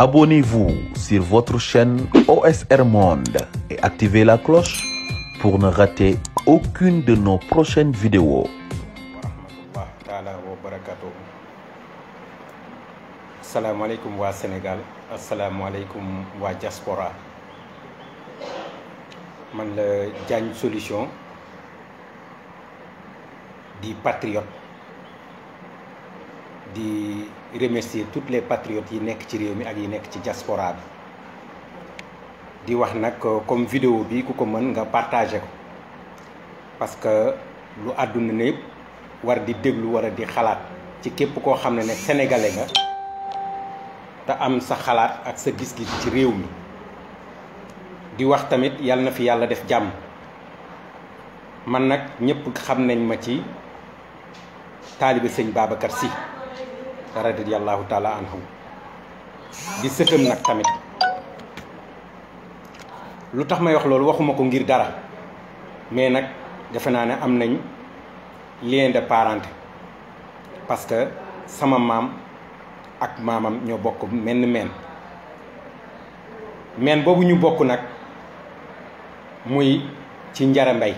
Abonnez-vous sur votre chaîne OSR Monde et activez la cloche pour ne rater aucune de nos prochaines vidéos. wa rahmatullah taala wa barakatuh asalaamaaleykum waa Sénégal diaspora man la Diagne Solution di patriote di remercier toutes les patriotes yi nekk ci réew mi ak yi nekk ci diaspora bi di wax nag euh, comme vidéo bi ku ko mën nga partagé ko parce que lu àdduna ne war di déglu war a di xalaat ci képp koo xam ne ne senegale nga te am sa xalaat ak sa gis gi ci réew mi di wax tamit yàlla na fi yàlla def jàmm man nag ñëpp xam nañ ma ci taalibe sëñ baabakat si radiyallahu taala anhum di sëtam nag tamit lu tax may wax loolu waxuma ko ngir dara mais nag defe naa ne am nañ lien de parenté parce que sama maam ak maamam ñoo bokk menn meen meen boobu ñu bokk nag muy ci njara mbay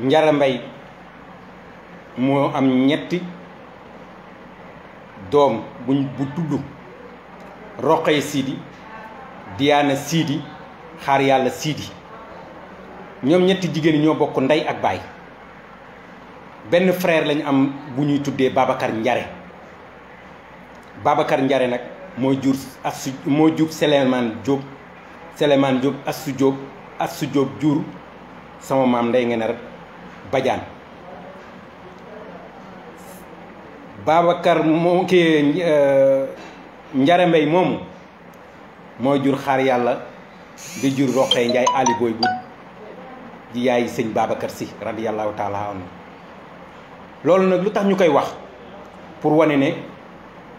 njara mbay moo am ñetti doom buñ bu tudd roqee siidi diyaana siidi xaar yàlla siidi ñoom ñetti jigéen ñoo bokk ndey ak baay benn frère lañu am bu ñuy tuddee Babacar Njare Babacar Njare nag moo jur Assu moo jur Souleymane Diop Souleymane Diop Assu Diop Assu Diop jur sama maam ndey ngeen a Badiane Babacar moo kii eh, Njare Mbay moomu mooy jur xaar yàlla di jur roqee Njaay Ali bu di yaay sëñ Babacar si radiyallahu taala anhu loolu nag lu tax ñu koy wax pour wane ne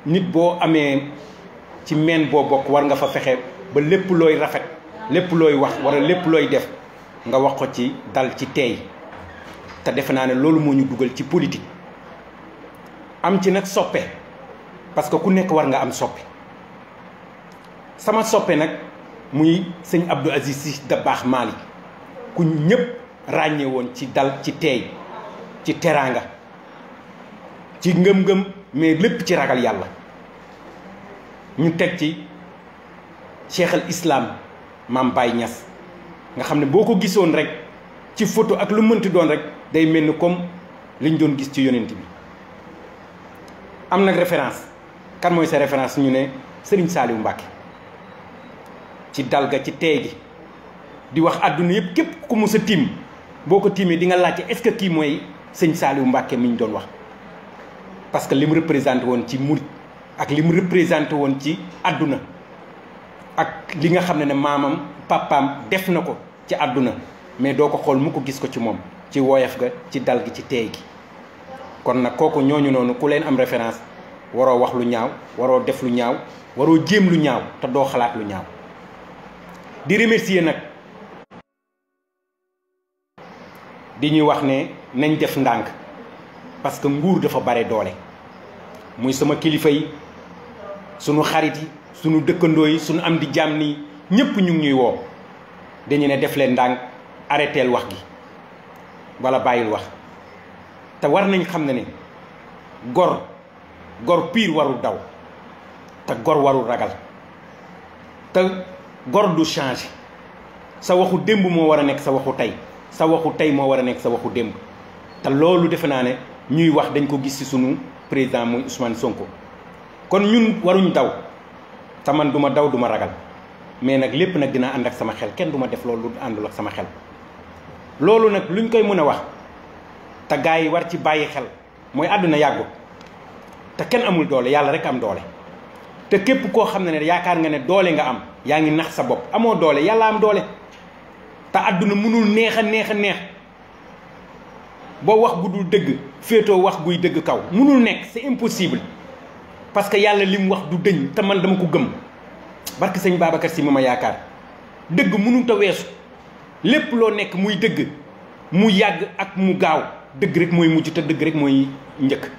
nit boo amee ci meen boo bokk war nga fa fexe ba lépp looy rafet lépp looy wax wala lépp looy def nga wax ko ci dal ci teey te defe naa ne loolu moo ñu dugal ci politique am ci nag soppe parce que ku nekk war nga am soppe sama soppe nag muy sëñ abdu Aziz Sy Dabakh Malick ku ñëpp ràññee woon ci dal ci teey ci teraanga ci ngëm-ngëm mais lépp ci ragal yàlla ñu teg ci cheikh al islam maam Baye ñas nga xam ne boo ko gisoon rek ci photo ak lu mënti doon rek day mel ni comme liñ doon gis ci yonent bi am nag référence kan mooy sa référence ñu ne Serigne Saliou Mbacke ci dal ga ci teey gi di wax àdduna yëpp képp ku mu sa tiim boo ko tiimee di nga laajte est-ce que kii mooy sëñ Saliou Mbacke mi ñu doon wax parce que li mu représenté woon ci murit ak li mu représenté woon ci àdduna ak li nga xam ne ne maamam papaam def na ko ci àdduna mais doo ko xool mu ko gis ko ci moom ci woyof ga ci dal gi ci teey gi kon nag kooku ñooñu noonu ku leen am référence waroo wax lu ñaaw waroo def lu ñaaw waroo jéem lu ñaaw te doo xalaat lu ñaaw di remercier nag di ñuy wax ne nañ def ndànk parce que nguur dafa bare doole muy sama kilifa yi sunu xarit yi sunu dëkkandoo yi sunu am di jàmm nii ñépp ñu ngi ñuy woo dañu ne def leen ndànk arrêteel wax gi wala bàyyil wax te war nañ xam ne ni gor gor piir warul daw te gor warul ragal te gor du changer sa waxu démb moo war a nekk sa waxu tey sa waxu tey moo war a nekk sa waxu démb te loolu defe naa ne ñuy wax dañ ko gis ci sunu président muy Ousmane Sonko kon ñun waruñu daw te man du daw du ma ragal mais nag lépp nag dina ànd ak sama xel kenn du ma def loolu lu àndul ak sama xel loolu nag luñ koy mën a wax te gaa yi war ci bàyyi xel mooy àdduna yàggut te kenn amul doole yàlla rek am doole te képp koo xam ne ne yaakaar nga ne doole nga am yaa ngi nax sa bopp amoo doole yàlla am doole te àdduna mënul neex a neex a neex boo wax bu dul dëgg féetoo wax buy dëgg kaw mënul nekk c'est impossible parce que yàlla li mu wax du dëñ te man dama ko gëm barke sëñ Babacar si ma ma yaakaar dëgg mënul ta weesu lépp loo nekk muy dëgg mu yàgg ak mu gaaw dëgg rek mooy mujj te dëgg rek mooy njëkk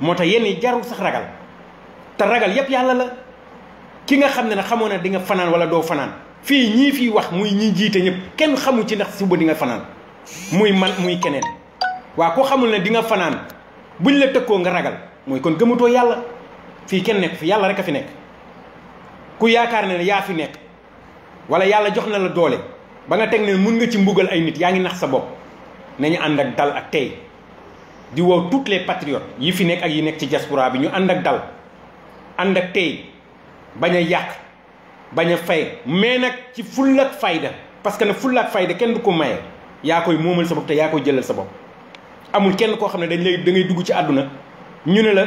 moo tax yenn yi jarul sax ragal te ragal yëpp yàlla la ki nga xam ne ne xamoon na di nga fanaan wala doo fanaan fii ñii fii wax muy ñi jiite ñëpp kenn xamu ci ndax suba di nga fanaan muy man muy keneen waa ko xamul ne di nga fanaan buñ la tëkkoo nga ragal mooy kon gëmatoo yàlla fii kenn nekk fi yàlla rek a fi nekk ku yaakaar ne yaa fi nekk wala yàlla jox na la doole ba nga teg ne mun nga ci mbugal ay nit yaa ngi nax sa bopp nañu ànd ak dal ak tey di woo toutes les yi fi nekk ak yi nekk ci diaspora bi ñu ànd ak dal ànd ak tey bañ a yàq bañ a fay mais nag ci fulla ak fayda parce que nag fulla ak fayda kenn du ko maye yaa koy moomal sa bopp te yaa koy jëlal sa bopp amul kenn koo xam ne dañ lay da dugg ci àdduna ñu ne la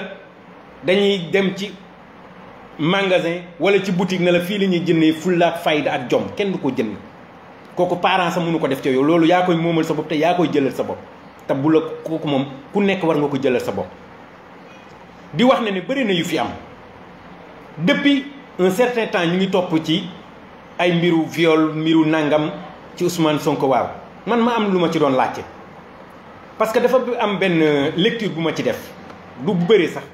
dañuy dem ci magasin wala ci boutique ne la fii la ñuy jëndee fulla ak fayda ak jom kenn du ko jënd kooku parent sax mënu ko def ci loolu yaa koy moomal sa bopp te yaa koy jëlal sa bopp te bu la kooku moom ku nekk war nga ko jëlal sa bopp di wax ne ne bëri na yu fi am depuis un certain temps ñu ngi topp ci ay mbiru viol mbiru nangam ci Ousmane sonk waaw man ma am lu ma ci doon laajte parce que dafa am benn lecture bu ma ci def du bëri sax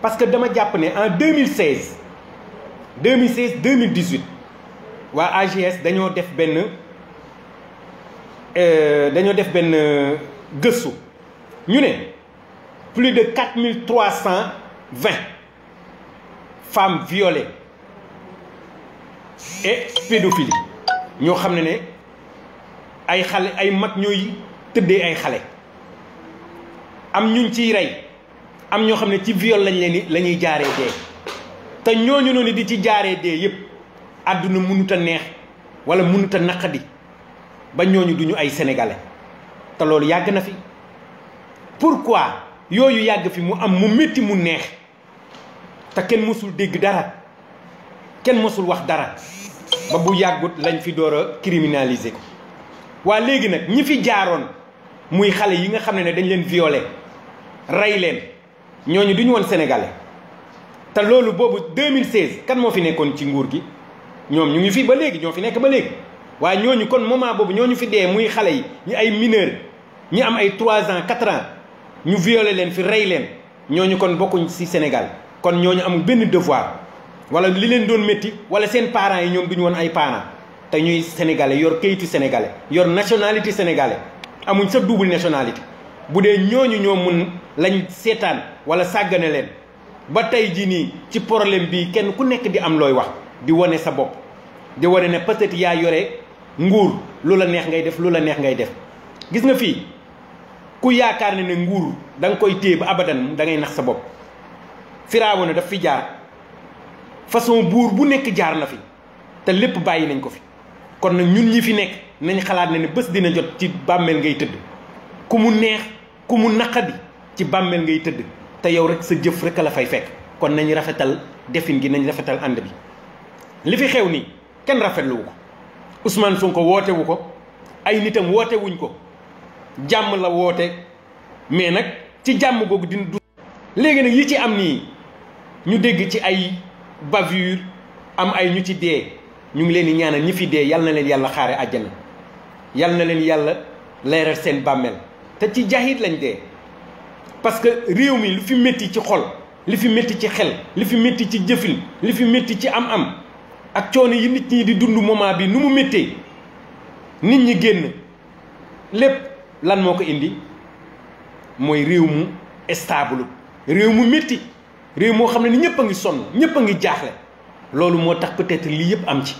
parce que dama jàpp ne en 2016 2016 2018 waa AGS dañoo def benn euh, dañoo def benn euh, gëstu ñu ne plus de quatre mille trois cent vingt femmes violées et pédophilie ñoo xam ne ne ay xale ay mat ñooy tëddee ay xale am ñun ciy rey am ñoo xam ne ci viol lañ leen la ñuy jaaree dee te ñooñu noonu di ci jaaree dee yëpp àdduna mënut neex wala mënut a naqadi ba ñooñu duñu ay sénégalais te loolu yàgg na fi pour pourquoi yooyu yàgg fi mu am mu métti mu neex te kenn mësul dégg dara kenn mësul wax dara ba bu yàggut lañ fi door a criminaliser ko waa léegi nag ñi fi jaaroon muy xale yi nga xam ne ne dañ leen violé rey leen ñooñu duñu woon sénégalais te loolu boobu 2016 kan moo fi nekkoon ci nguur gi ñoom ñu ngi fi ba léegi ñoo fi nekk ba léegi waaye ñooñu kon moment boobu ñu fi dee muy xale yi ñu ay mineur ñi am ay 3 ans 4 ans ñu violé leen fi rey leen ñooñu kon bokkuñ si Sénégal kon ñoo ñu amul benn devoir wala li leen doon métti wala seen parent yi ñoom du ñu woon ay parents te ñuy sénégalais yor kayitu sénégalais yor nationalité sénégalais amuñ sa double nationalité bu dee ñooñu ñoo mun lañ seetaan wala sàggane leen ba tey jii nii ci problème bi kenn ku nekk di am looy wax. di wane sa bopp di wane ne peut-être yaa yore nguur lu la neex ngay def lu la neex ngay def gis nga fii ku yaakaar ne ne nguur da nga koy téye ba abadan da ngay nax sa bopp firaawo na daf fi jaar façon buur bu nekk jaar na fi te lépp bàyyi nañ ko fi kon nag ñun ñi fi nekk nañ xalaat ne ne bés dina jot ci bàmmeel ngay tëdd ku mu neex ku mu naqadi ci bàmmeel ngay tëdd te yow rek sa jëf rek a la fay fekk kon nañ rafetal defin gi nañ rafetal ànd bi li fi xew nii kenn rafetlu wu ko Ousmane Sonko ko wootewu ko ay nitam wootewuñ ko jàmm la woote mais nag ci jàmm googu dina du léegi nag yi ci am nii ñu dégg ci ay bavure am ay ñu ci dee ñu ngi leen di ñaanal ñi fi dee yal na leen yàlla xaare àjjana yal na leen yàlla leeral seen bàmmeel te ci jaxit lañ dee parce que réew mi lu fi métti ci xol li fi métti ci xel li fi métti ci jëfin li fi métti ci am-am ak coono yi nit ñi di dund moment bi nu mu méttee nit ñi génn lépp lan moo ko indi mooy réew mu stable réew mu métti réew moo xam ne ni ñëpp a ngi sonn ñëpp a ngi jaaxle loolu moo tax peut-être lii yëpp am ci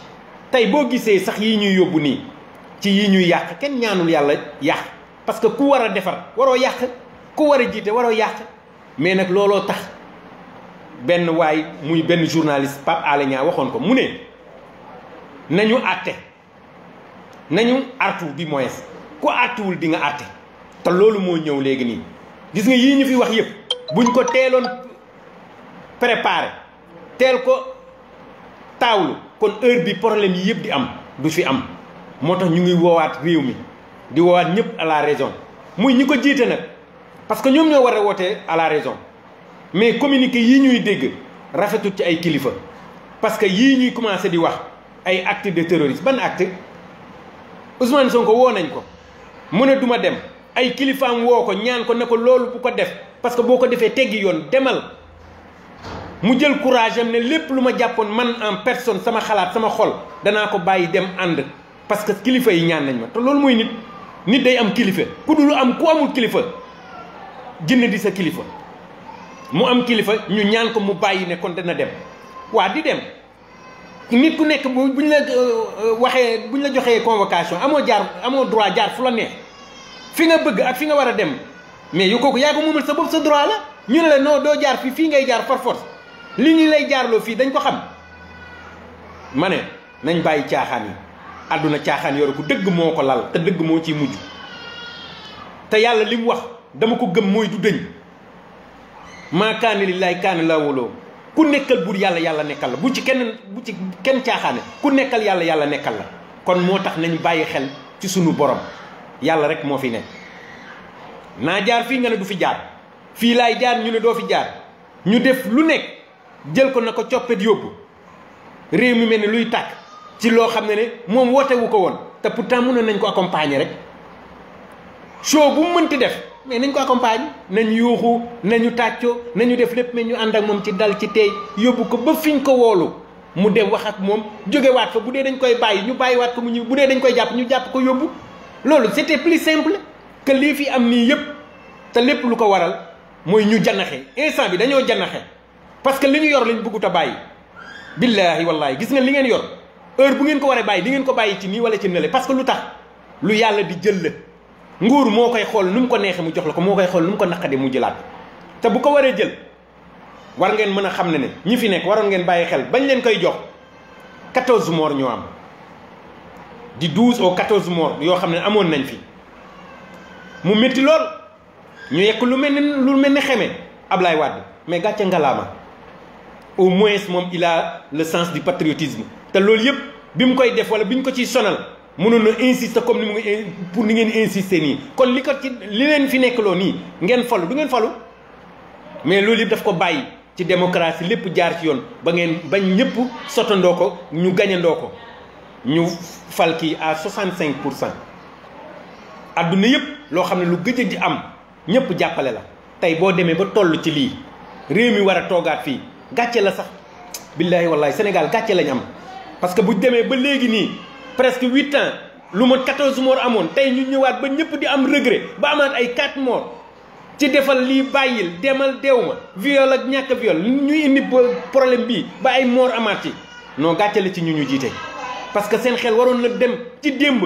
tey boo gisee sax yi ñuy yóbbu nii ci yi ñuy yàq kenn ñaanul yàlla yàq parce que ku war a defar waroo yàq ku war a jiite waroo yàq mais nag looloo tax benn waay muy benn journaliste Pape Alé Niang waxoon ko mu ne nañu àtte nañu artu bi moins ku àttuwul di nga àtte te loolu moo ñëw léegi nii gis nga yii ñu fi wax yëpp buñ ko teeloon préparé teel ko taawlu kon heure bi problème yii yëpp di am du fi am moo tax ñu ngi woowaat réew mi di woowaat ñëpp à la raison muy ñi ko jiite nag parce que ñoom ñoo war a wootee à la raison mais communiqué yi ñuy dégg rafetul ci ay kilifa parce que yii ñuy commencé di wax ay acte de terrorisme ban acte Ousmane Sonko woo nañ ko mu ne duma dem ay kilifaam woo ko ñaan ko ne ko loolu bu ko def parce que boo ko defee teggi yoon demal mu jël courage ne lépp lu ma jàppoon man en personne sama xalaat sama xol danaa ko bàyyi dem ànd parce que kilifa yi ñaan nañ ma te loolu mooy nit nit day am kilifa ku dul am ku amul kilifa jënd di sa kilifa mu am kilifa ñu ñaan ko mu bàyyi ne kon dana dem waa di dem nit ku nekk bu buñ la euh, euh, waxee buñ la joxee convocation amoo jaar amoo droit jaar fu la neex fi nga bëgg ak fi nga war a dem mais yu kooku yaa ko moomal sa bopp la ñu ne la doo jaar fii fii ngay jaar par force ñu lay jaarloo fii dañ ko xam ma ne nañ bàyyi caaxaan yi àdduna caaxaan yoru ko dëgg moo ko lal te dëgg moo ciy mujj te yàlla li mu wax dama ko gëm mooy du dëñ maa kaana lillaahi kaana laahu lahu ku nekkal buur yàlla yàlla nekkal la bu ci kenn bu ci kenn caaxaane ku nekkal yàlla yàlla nekkal la kon moo tax nañu bàyyi xel ci sunu borom yàlla rek moo fi nekk naa jaar fii nga ne du fi jaar fii laay jaar ñu ne doo fi jaar ñu def lu nekk jël ko na ko coppet yóbbu réew mi mel ni luy tàkk ci loo xam ne ne moom wootewu ko woon te pourtant mënoon nañ ko accompagner rek soo bu mu mënti def mais nañ ko accompagne nañ yuuxu nañu tàccu nañu def lépp mais ñu ànd ak moom ci dal ci tey yóbbu ko ba fi ñu ko woolu mu dem wax ak moom jógewaat fa bu dee dañ koy bàyyi ñu bàyyi waat ko mu ñëw bu dee dañ koy jàpp ñu jàpp ko yóbbu loolu c'était plus simple que lii fi am nii yépp te lépp lu ko waral mooy ñu janaxe instant bi dañoo janaxe parce que li ñu yor lañ bëggut a bàyyi billaahi wallaahi gis nga li ngeen yor heure bu ngeen ko waree bàyyi di ngeen ko bàyyi ci nii wala ci nële parce que lu tax lu yàlla di jël la nguur moo koy xool nu mu ko neexee mu jox la ko moo koy xool nu mu ko naqadee mu jëlaat te bu ko waree jël war ngeen mën a xam ne ne ñi fi nekk waroon ngeen bàyyi xel bañ leen koy jox 14 morts ñoo am di 12 au 14 morts yoo xam ne amoon nañ fi mu métti lool ñu yekk lu mel ni lu mel ni xeme Ablaye Wade mais gàcce ngalaama au moins moom il a le sens du patriotisme te loolu yëpp bi mu koy def wala bi ñu ko ciy sonal. mënoon na insister comme ni mu ngi pour ni ngeen insister nii kon li ko ci li leen fi nekkaloo nii ngeen falu du ngeen falu mais loolu yëpp daf ko bàyyi ci démocratie lépp jaar ci yoon ba ngeen bañ ñëpp sottandoo ko ñu gañandoo ko ñu fal kii à cinq pour cent adduna yëpp loo xam ne lu gëj di am ñëpp jàppale la tey boo demee ba toll ci lii réew mi war a toogaat fii gàcce la sax billaahi wallaahi Sénégal gàcce lañ am parce bu demee ba presque huit ans lu ma quatorze morts amoon tey ñu ñëwaat ba ñëpp di am regret ba amaat ay quatre morts ci defal lii bàyyil demal deew ma viol ak ñàkk viol ñu indi problème bii ba ay morts amaat ci non gàccale ci ñu ñu jiite. parce que seen xel waroon na dem ci démb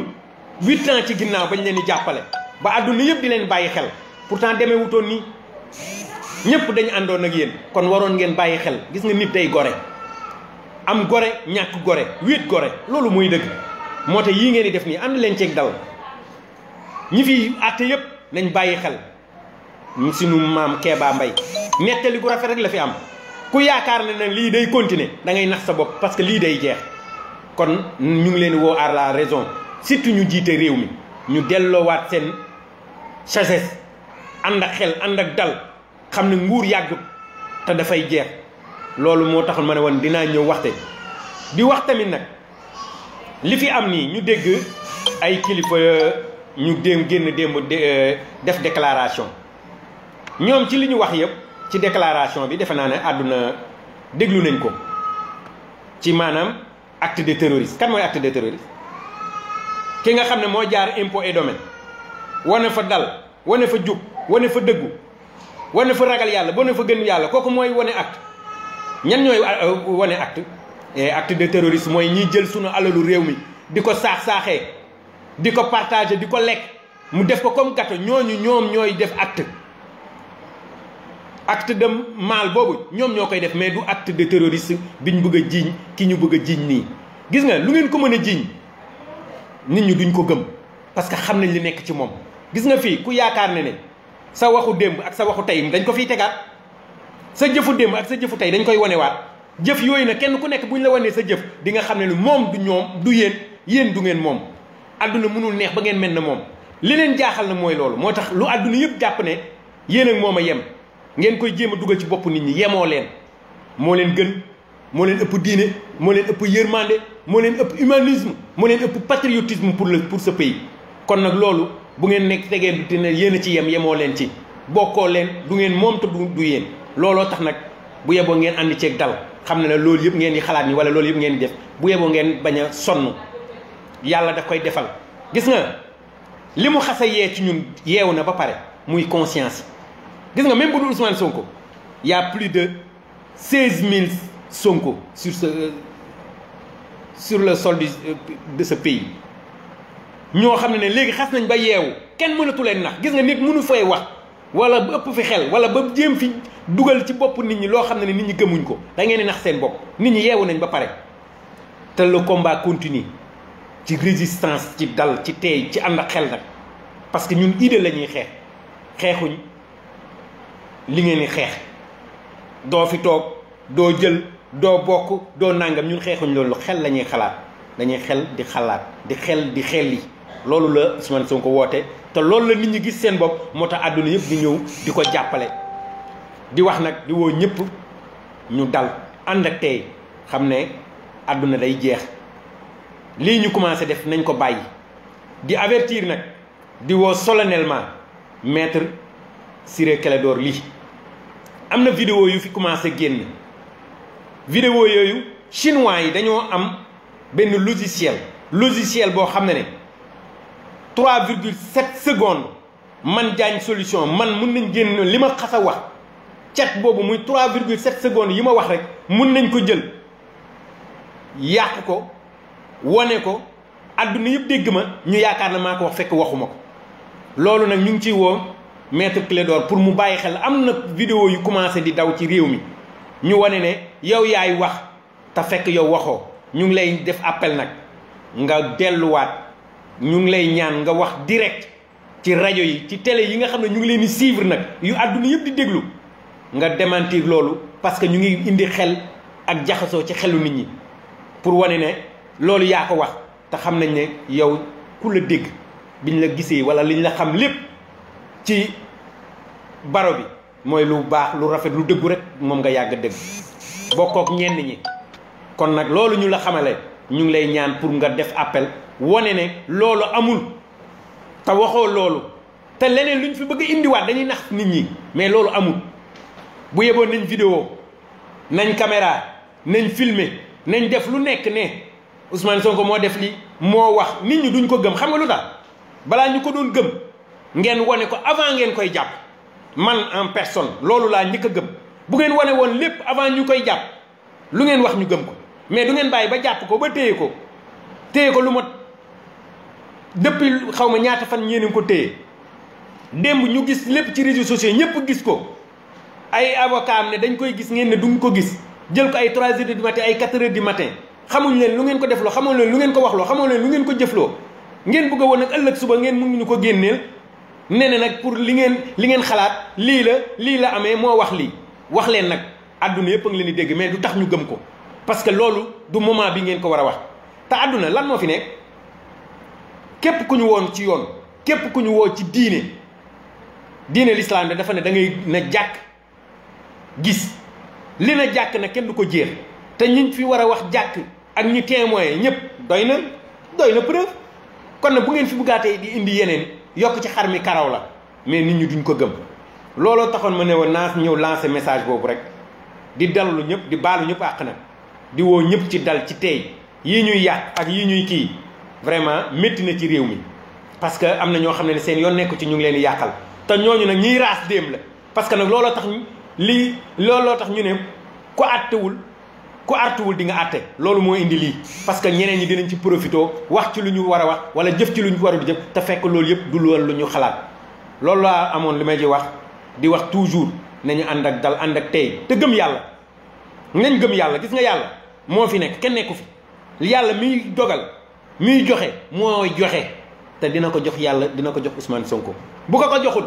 huit ci ginnaaw bañ leen di jàppale ba àdduna yëpp di leen bàyyi xel pour tan demee wutoon nii ñëpp dañu àndoon nag yéen kon waroon ngeen bàyyi xel gis nga nit day gore am gore ñàkk gore wéet gore loolu muy dëgg. moo tax yii ngeen di def nii ànd leen ceeg dal ñi fi àtte yëpp nañ bàyyi xel suñu maam keebaa Mbaye nettali gu rafet rek la fi am ku yaakaar ne ne lii day continuer da ngay nax sa bopp parce que lii day jeex kon ñu ngi leen woo à la raison surtout ñu jiite réew mi ñu delloowaat seen sagesse ànd ak xel ànd ak dal xam ne nguur yàggut te dafay jeex loolu moo taxoon ma ne woon dinaa ñëw waxte bi wax tamit nag. li fi am nii ñu dégg ay kilifa euh, ñu dem génn démb euh, def déclaration ñoom ci li ñu wax yëpp ci déclaration bi defe naa ne àdduna déglu nañ ko ci maanaam acte de terrorisme kan mooy acte de terrorisme ki nga xam ne moo jaar impôt et domaine wane fa dal wane fa jub wane fa dëggu wane fa ragal yàlla wane fa génn yàlla kooku mooy wane acte ñan ñooy euh, wone acte acte de terrorisme mooy ñiy jël sunu alalu réew mi di ko saax-saaxee di ko partage di ko lekk mu def ko comme gâteau ñooñu ñoom ñooy def at acte de mal boobu ñoom ñoo koy def mais du acte de terroriste biñ bëgg a jiiñ ki ñu bëgg a jiiñ nii gis nga lu ngeen ko mën a jiiñ nit ñi duñ ko gëm parce que xam nañ li nekk ci moom gis nga fii ku yaakaar ne ne sa waxu démb ak sa waxu tey dañ ko fiy tegaat sa jëfu démb ak sa jëfu tey dañ koy wonewaat jëf yooyu nag kenn ku nekk bu ñu la wanee sa jëf di nga xam ne ni moom du ñoom du yéen yéen du ngeen moom àdduna mënul neex ba ngeen men na moom li leen jaaxal na mooy loolu moo tax lu àdduna yëpp jàpp ne yéen ak moom a yem ngeen koy jéem a dugal ci boppu nit ñi yemoo leen moo leen gën moo leen ëpp diine moo leen ëpp yërmande moo leen ëpp humanisme moo leen ëpp patriotisme pour le pour sa pays kon nag loolu bu ngeen nekk tegee dina yéen a ci yem yemoo leen ci bokkoo leen du ngeen moom te du yéen looloo tax nag bu yeboo ngeen ànd ceeg dal xam na ne loolu yëpp ngeen di xalaat ni wala loolu yëpp ngeen di def bu yeboo ngeen bañ sonn yàlla daf koy defal gis nga li mu xasa yee ci ñun yeewu na ba pare muy conscience gis nga même bu dul Ousmane Sonko y a plus de seize mille Sonko sur sa sur le sol du de ce pays ñoo xam ne ne léegi xas nañ ba yeewu kenn mënatu leen nax gis nga nit mënu fay wax wala ba ëpp fi xel wala ba jéem fi dugal ci bopp nit ñi loo xam ne nit ñi gëmuñ ko da ngeen di nax seen bopp nit ñi yeewu nañ ba pare te le combat continue ci résistance ci dal ci teey ci ànd xel nag parce que ñun idée lañuy ñuy xeex xeexuñ li ngeen di xeex doo fi toog doo jël doo bokk doo nàngam ñun xeexuñ loolu xel la ñuy xalaat dañuy xel di xalaat di xel di xel yi loolu la Ousmane ko woote te loolu la nit ñi gis seen bopp moo tax àdduna yëpp di ñëw di ko jàppale di wax nag di woo ñëpp ñu dal ànd ak tey xam ne àdduna day jeex lii ñu commencé def nañ ko bàyyi di avertir nag di woo solennellement maître Ciré Clédor Ly am na vidéo yu fi commencé génn vidéo yooyu chinois yi dañoo am benn logiciel logiciel boo xam ne ne 3 virgule 7 secondes man jaañ solution man mun nañ génn li ma xas a wax cat boobu muy 3 virgule 7 secondes yi ma wax rek mun nañ ko jël yàq ko wane ko adduna yëpp dégg ma ñu yaakaar na maa ko wax fekk waxuma ko loolu nag ñu ngi ciy woo maître Clédor pour mu bàyyi xel am na video yu commencé di daw ci réew mi ñu wane ne yow yaay wax te fekk yow waxoo ñu ngi lay def appel nag nga delluwaat ñu ngi lay ñaan nga wax direct ci rajo yi ci télé yi nga xam ne ñu ngi leen di suivre nag yu adduna yëpp di déglu nga démentir loolu parce que ñu ngi indi xel ak jaxasoo ci xelu nit ñi pour wane ne loolu yaa ko wax te xam nañ ne yow ku la dégg biñ la gisee wala liñ la xam lépp ci baro bi mooy lu baax lu rafet lu dëggu rek moom nga yàgg dëgg bokkook ñenn ñi kon nag loolu ñu la xamale ñu ngi lay ñaan pour nga def appel wane ne loolu amul te waxoo loolu te leneen lu luñ fi bëgg indiwaat dañuy nax nit ñi mais loolu amul bu yeboon nañ vidéo nañ caméra nañ filmer nañ def lu nekk ne Ousmane Sonko moo def li moo wax nit ñi duñ ko gëm xam nga lu tax balaa ñu ko doon gëm ngeen wane ko avant ngeen koy jàpp man en personne loolu laa njëkk gëm bu ngeen wane woon lépp avant ñu koy jàpp lu ngeen wax ñu gëm ko mais du ngeen bàyyi ba jàpp ko ba téye ko téye ko lu ma depuis xaw ma ñaata fan ñeeneen ko téye démb ñu gis lépp ci réseaux sociaux ñëpp gis ko ay avocat am ne dañ koy gis ngeen ne duñ ko gis jël ko ay 3 heures du matin ay 4 heures matin xamuñ leen lu ngeen ko defloo xamuñ leen lu ngeen ko waxloo xamuñ leen lu ngeen ko loo ngeen bëgg a woon nag ëllëg suba ngeen ñu ko génneel ne ne nag pour li ngeen li ngeen xalaat lii la lii la amee moo wax lii wax leen nag àdduna yëpp a ngi leen di dégg mais du tax ñu gëm ko parce que loolu du moment bi ngeen ko war a wax te àdduna lan moo fi nekk képp ku ñu woon ci yoon képp ku ñu woo ci diine diine l'islam dafa ne da ngay na jàkk gis li na jàkk na kenn du ko jéex te ñi fi war a wax jàkk ak ñi témoin ñëpp doy na doy na preuve kon na bu ngeen fi buggaatee di indi yeneen yokk ci xar mi karaw la mais nit ñi duñ ko gëm looloo taxoon ma ne woon naa ñëw lancer message boobu rek di dalalu ñëpp di baalu ñëpp àq nag di woo ñëpp ci dal ci tey yii ñuy yàq ak yii ñuy kii vraiment métti na ci réew mi parce que am na ñoo xam ne seen yoon nekku ci ñu ngi leen di yàqal te ñooñu nag ñiy raas déem la parce que lii loo tax ñu ne ku àttewul ku àttewul di nga àtte loolu moo indi lii parce que ñeneen yi dinañ ci profité wax ci lu ñu war a wax wala jëf ci lu ñu warul jëf te fekk loolu yëpp du loolu lu ñu xalaat loolu laa amoon li may ji wax di wax toujours nañu ànd ak dal ànd ak tey te gëm yàlla nañ gëm yàlla gis nga yàlla moo fi nekk kenn nekku fi yàlla miy dogal miy joxe mooy joxe te dina ko jox yàlla dina ko jox Ousmane Sonko bu ko ko joxul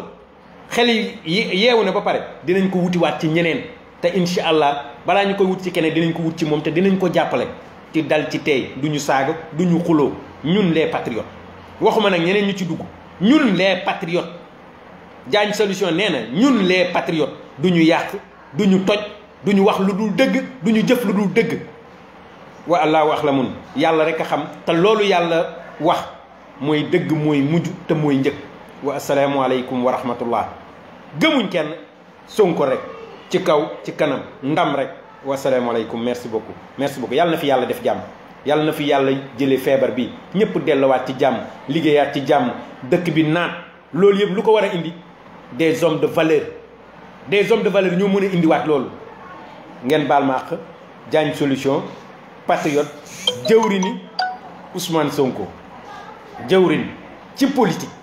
xel yi yeewu ne ba pare dinañ ko wutiwaat ci ñeneen te incha allah balaa ñu koy wut ci keneen dinañ ko wut ci moom te dinañ ko jàppale ci dal ci tey duñu saaga duñu ñu xuloo ñun lee patriotes waxuma nag ñeneen ñu ci dugg ñun les patriotes Diagne Solution nee na ñun lee patriotes du ñu yàq du ñu toj duñu wax lu dul dëgg du ñu jëf lu dul dëgg wa allahu mun yàlla rek a xam te loolu yàlla wax mooy dëgg mooy mujj te mooy njëkk wa asalaamualeykum wa gëmuñ kenn Sonko rek ci kaw ci kanam ndam rek wasalaamaaleykum merci beaucoup merci beaucoup yàlla na fi yàlla def jàmm yàlla na fi yàlla jëlee feebar bi ñëpp delluwaat ci jàmm liggéeyaat ci jàmm dëkk bi naat loolu yëpp lu ko war a indi des hommes de valeur des hommes de valeur ñoo mën a indiwaat loolu ngeen baal ma àq Diagne Solution patriote jëwrini Ousmane Sonko jëwrini ci politique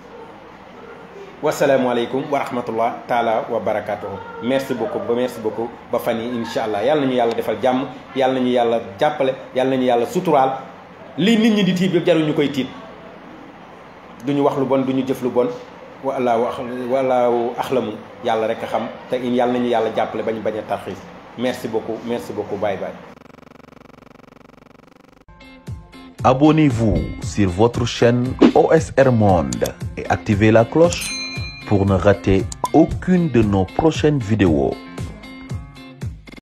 wasalaamualeykum wa rahmatullah taala wa barakatuhu merci beaucoup ba merci beaucoup ba fan yi incha allah yàlla nañu yàlla defal jàmm yàlla nañu yàlla jàppale yàlla nañu yàlla suturaal lii nit ñi di tiit jarul ñu koy tiit duñu wax lu bon duñu jëf lu bon wallaahu wallaahu axlamu yàlla rek a xam te in yàlla nañu yàlla jàppale bañ bañ a tarxiis merci beaucoup merci beaucoup bye bye Abonnez-vous sur pour ne rater aucune de nos prochaines vidéos.